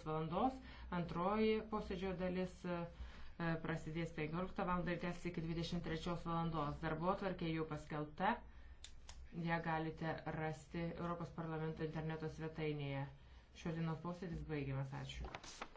15 valandos, antroji posėdžio dalis e, e, prasidės 15 val. ir tęsis iki 23 valandos. Darbo atvarkė jau paskelbta, ją galite rasti Europos parlamento interneto svetainėje. Šios dienos posėdis baigiamas, ačiū.